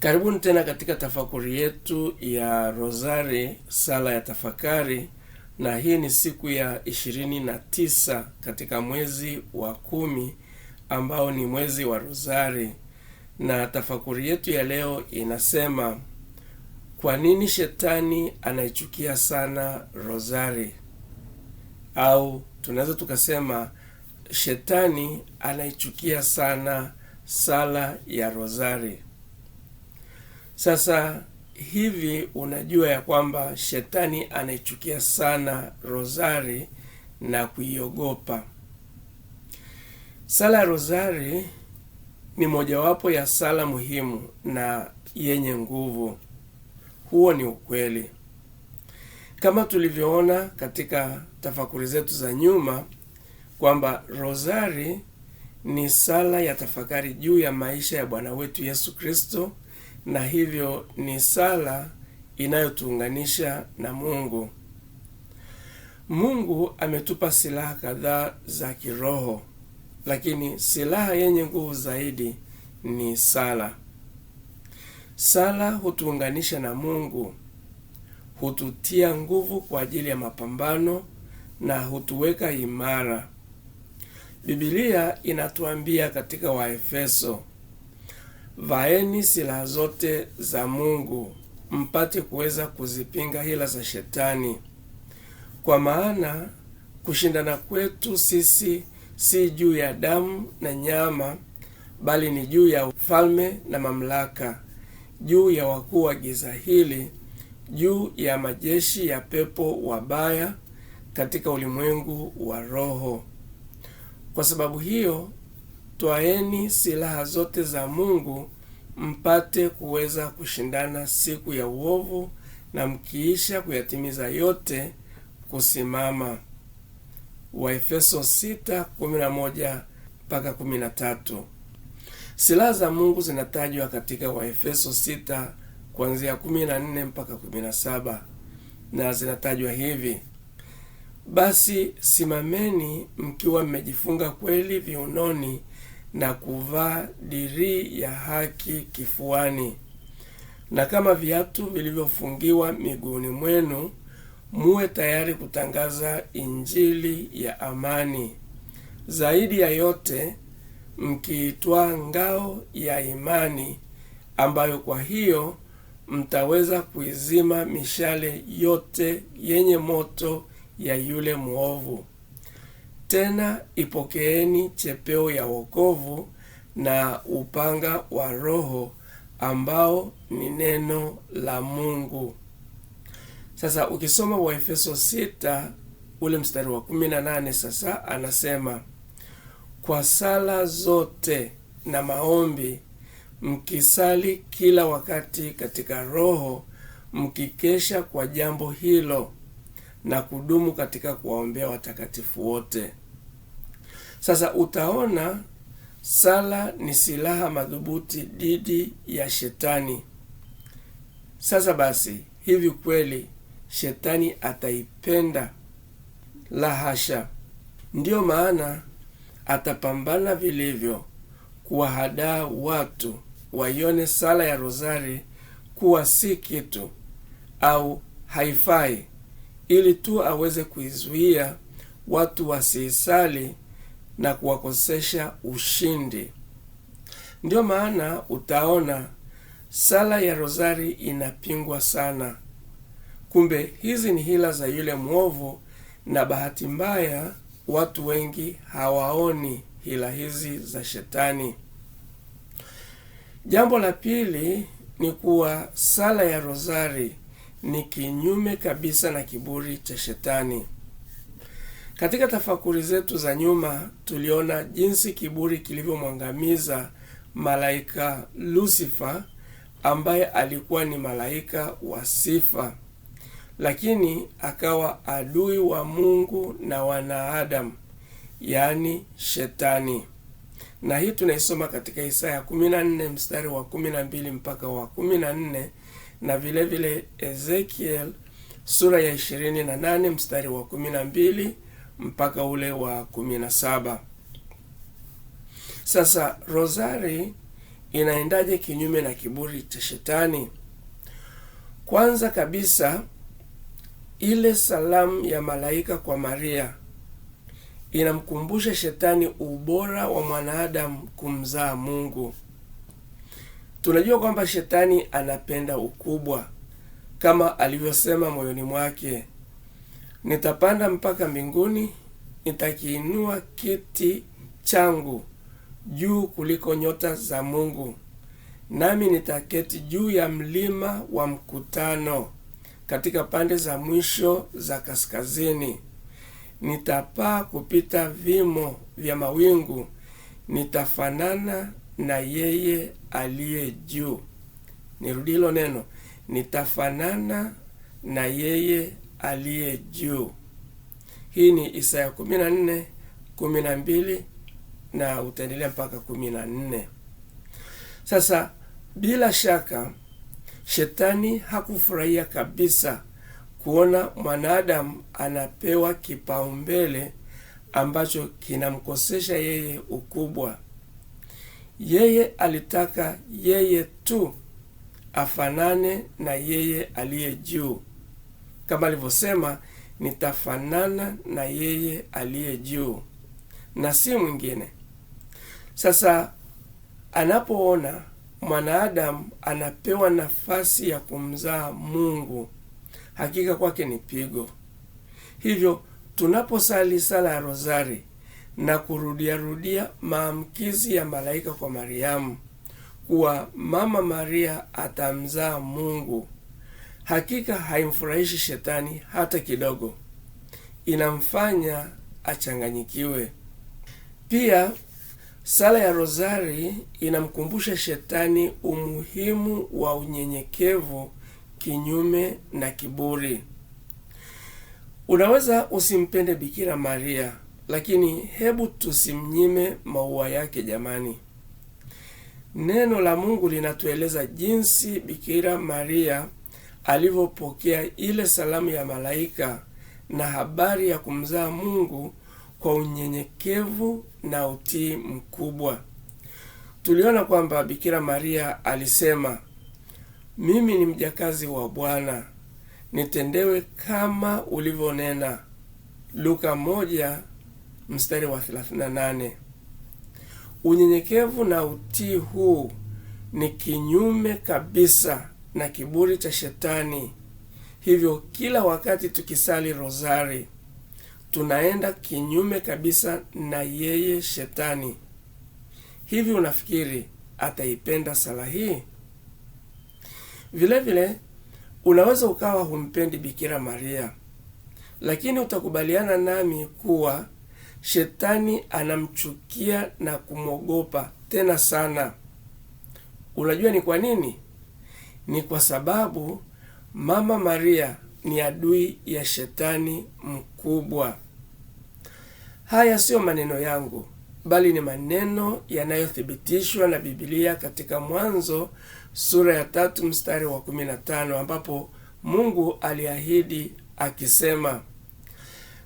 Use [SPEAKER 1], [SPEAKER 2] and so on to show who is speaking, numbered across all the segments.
[SPEAKER 1] Karibuni tena katika tafakuri yetu ya Rozari, sala ya tafakari, na hii ni siku ya ishirini na tisa katika mwezi wa kumi ambao ni mwezi wa Rozari, na tafakuri yetu ya leo inasema kwa nini shetani anaichukia sana Rozari? Au tunaweza tukasema shetani anaichukia sana sala ya Rozari. Sasa hivi unajua ya kwamba shetani anaichukia sana rozari na kuiogopa. Sala ya rozari ni mojawapo ya sala muhimu na yenye nguvu. Huo ni ukweli. Kama tulivyoona katika tafakuri zetu za nyuma kwamba rozari ni sala ya tafakari juu ya maisha ya Bwana wetu Yesu Kristo na hivyo ni sala inayotuunganisha na Mungu. Mungu ametupa silaha kadhaa za kiroho, lakini silaha yenye nguvu zaidi ni sala. Sala hutuunganisha na Mungu, hututia nguvu kwa ajili ya mapambano na hutuweka imara. Bibilia inatuambia katika Waefeso vaeni silaha zote za Mungu mpate kuweza kuzipinga hila za Shetani, kwa maana kushindana kwetu sisi si juu ya damu na nyama, bali ni juu ya ufalme na mamlaka, juu ya wakuu wa giza hili, juu ya majeshi ya pepo wabaya katika ulimwengu wa roho. Kwa sababu hiyo twaeni silaha zote za Mungu mpate kuweza kushindana siku ya uovu, na mkiisha kuyatimiza yote kusimama. Waefeso 6:11 mpaka 13. Silaha za Mungu zinatajwa katika Waefeso 6 kuanzia 14 mpaka 17 na zinatajwa hivi: basi simameni mkiwa mmejifunga kweli viunoni na kuvaa dirii ya haki kifuani, na kama viatu vilivyofungiwa miguuni mwenu, muwe tayari kutangaza injili ya amani. Zaidi ya yote, mkiitwaa ngao ya imani, ambayo kwa hiyo mtaweza kuizima mishale yote yenye moto ya yule mwovu. Tena ipokeeni chepeo ya wokovu na upanga wa Roho ambao ni neno la Mungu. Sasa ukisoma Waefeso 6 ule mstari wa 18, sasa anasema kwa sala zote na maombi mkisali kila wakati katika Roho, mkikesha kwa jambo hilo na kudumu katika kuwaombea watakatifu wote. Sasa utaona sala ni silaha madhubuti dhidi ya shetani. Sasa basi, hivi kweli shetani ataipenda? La hasha! Ndiyo maana atapambana vilivyo kuwahadaa watu waione sala ya rozari kuwa si kitu au haifai, ili tu aweze kuizuia watu wasiisali na kuwakosesha ushindi. Ndiyo maana utaona sala ya rozari inapingwa sana. Kumbe hizi ni hila za yule mwovu, na bahati mbaya watu wengi hawaoni hila hizi za Shetani. Jambo la pili ni kuwa sala ya rozari ni kinyume kabisa na kiburi cha Shetani. Katika tafakuri zetu za nyuma, tuliona jinsi kiburi kilivyomwangamiza malaika lucifer ambaye alikuwa ni malaika wa sifa, lakini akawa adui wa Mungu na wanaadamu, yaani Shetani. Na hii tunaisoma katika Isaya 14 mstari wa 12 mpaka wa 14 na vile vile Ezekiel sura ya 28 mstari wa 12 mpaka ule wa 17. Sasa rozari inaendaje kinyume na kiburi cha Shetani? Kwanza kabisa ile salamu ya malaika kwa Maria inamkumbusha Shetani ubora wa mwanadamu kumzaa Mungu. Tunajua kwamba shetani anapenda ukubwa, kama alivyosema moyoni mwake, nitapanda mpaka mbinguni, nitakiinua kiti changu juu kuliko nyota za Mungu, nami nitaketi juu ya mlima wa mkutano katika pande za mwisho za kaskazini. Nitapaa kupita vimo vya mawingu, nitafanana na yeye aliye juu. Nirudi hilo neno, nitafanana na yeye aliye juu. Hii ni Isaya 14 12 na utaendelea mpaka 14. Sasa bila shaka shetani hakufurahia kabisa kuona mwanadamu anapewa kipaumbele ambacho kinamkosesha yeye ukubwa yeye alitaka yeye tu afanane na yeye aliye juu, kama alivyosema, nitafanana na yeye aliye juu na si mwingine. Sasa anapoona mwanaadamu anapewa nafasi ya kumzaa Mungu, hakika kwake ni pigo. Hivyo tunaposali sala ya rozari na kurudiarudia maamkizi ya malaika kwa Mariamu kuwa mama Maria atamzaa Mungu, hakika haimfurahishi Shetani hata kidogo, inamfanya achanganyikiwe. Pia sala ya Rozari inamkumbusha Shetani umuhimu wa unyenyekevu kinyume na kiburi. Unaweza usimpende Bikira Maria lakini hebu tusimnyime maua yake jamani. Neno la Mungu linatueleza jinsi Bikira Maria alivyopokea ile salamu ya malaika na habari ya kumzaa Mungu kwa unyenyekevu na utii mkubwa. Tuliona kwamba Bikira Maria alisema, mimi ni mjakazi wa Bwana, nitendewe kama ulivyonena. Luka moja mstari wa 38. Unyenyekevu na utii huu ni kinyume kabisa na kiburi cha Shetani. Hivyo kila wakati tukisali rozari, tunaenda kinyume kabisa na yeye Shetani. Hivi unafikiri ataipenda sala hii? Vilevile unaweza ukawa humpendi Bikira Maria, lakini utakubaliana nami kuwa shetani anamchukia na kumwogopa tena sana. Unajua ni kwa nini? Ni kwa sababu Mama Maria ni adui ya shetani mkubwa. Haya siyo maneno yangu, bali ni maneno yanayothibitishwa na Biblia katika Mwanzo sura ya tatu mstari wa 15 ambapo Mungu aliahidi akisema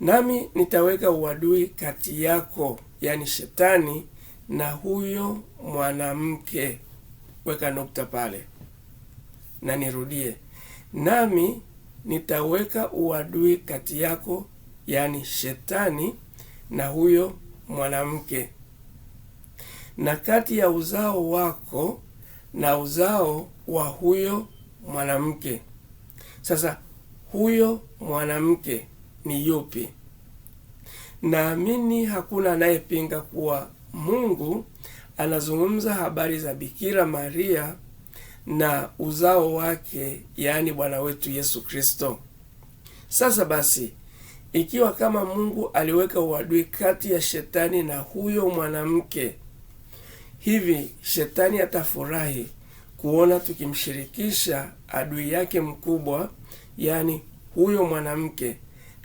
[SPEAKER 1] nami nitaweka uadui kati yako, yani shetani na huyo mwanamke. Weka nukta pale na nirudie, nami nitaweka uadui kati yako, yani shetani na huyo mwanamke, na kati ya uzao wako na uzao wa huyo mwanamke. Sasa huyo mwanamke ni yupi? Naamini hakuna anayepinga kuwa Mungu anazungumza habari za Bikira Maria na uzao wake, yaani Bwana wetu Yesu Kristo. Sasa basi, ikiwa kama Mungu aliweka uadui kati ya shetani na huyo mwanamke, hivi shetani atafurahi kuona tukimshirikisha adui yake mkubwa, yaani huyo mwanamke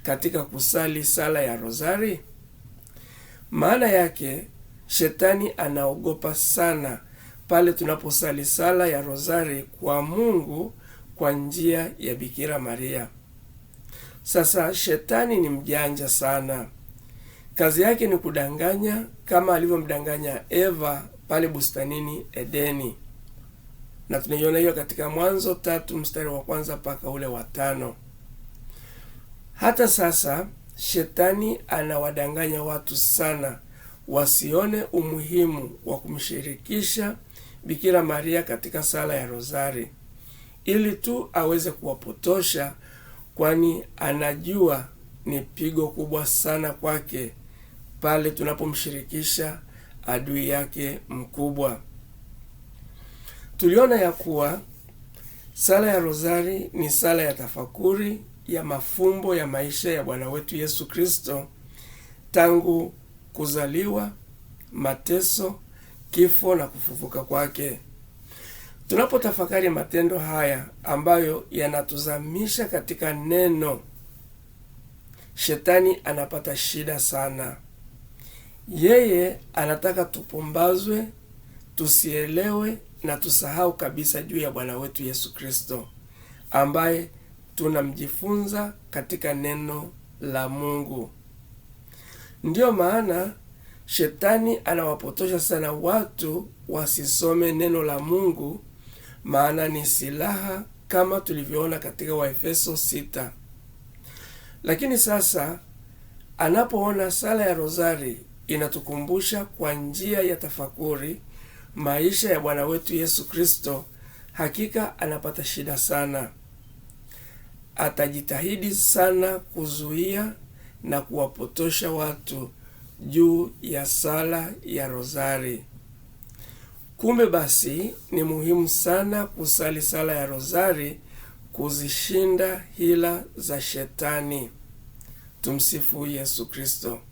[SPEAKER 1] katika kusali sala ya rozari? Maana yake shetani anaogopa sana pale tunaposali sala ya rozari kwa Mungu kwa njia ya Bikira Maria. Sasa shetani ni mjanja sana, kazi yake ni kudanganya, kama alivyomdanganya Eva pale bustanini Edeni, na tunaiona hiyo katika Mwanzo tatu mstari wa kwanza mpaka ule wa tano. Hata sasa shetani anawadanganya watu sana wasione umuhimu wa kumshirikisha Bikira Maria katika sala ya Rozari ili tu aweze kuwapotosha, kwani anajua ni pigo kubwa sana kwake pale tunapomshirikisha adui yake mkubwa. Tuliona ya kuwa sala ya Rozari ni sala ya tafakuri ya mafumbo ya maisha ya Bwana wetu Yesu Kristo tangu kuzaliwa, mateso, kifo na kufufuka kwake. Tunapotafakari matendo haya ambayo yanatuzamisha katika neno, shetani anapata shida sana. Yeye anataka tupumbazwe, tusielewe na tusahau kabisa juu ya Bwana wetu Yesu Kristo ambaye tunamjifunza katika neno la Mungu. Ndiyo maana shetani anawapotosha sana watu wasisome neno la Mungu, maana ni silaha kama tulivyoona katika Waefeso 6. Lakini sasa anapoona sala ya rozari inatukumbusha kwa njia ya tafakuri maisha ya Bwana wetu Yesu Kristo, hakika anapata shida sana atajitahidi sana kuzuia na kuwapotosha watu juu ya sala ya rozari. Kumbe basi ni muhimu sana kusali sala ya rozari kuzishinda hila za Shetani. Tumsifu Yesu Kristo.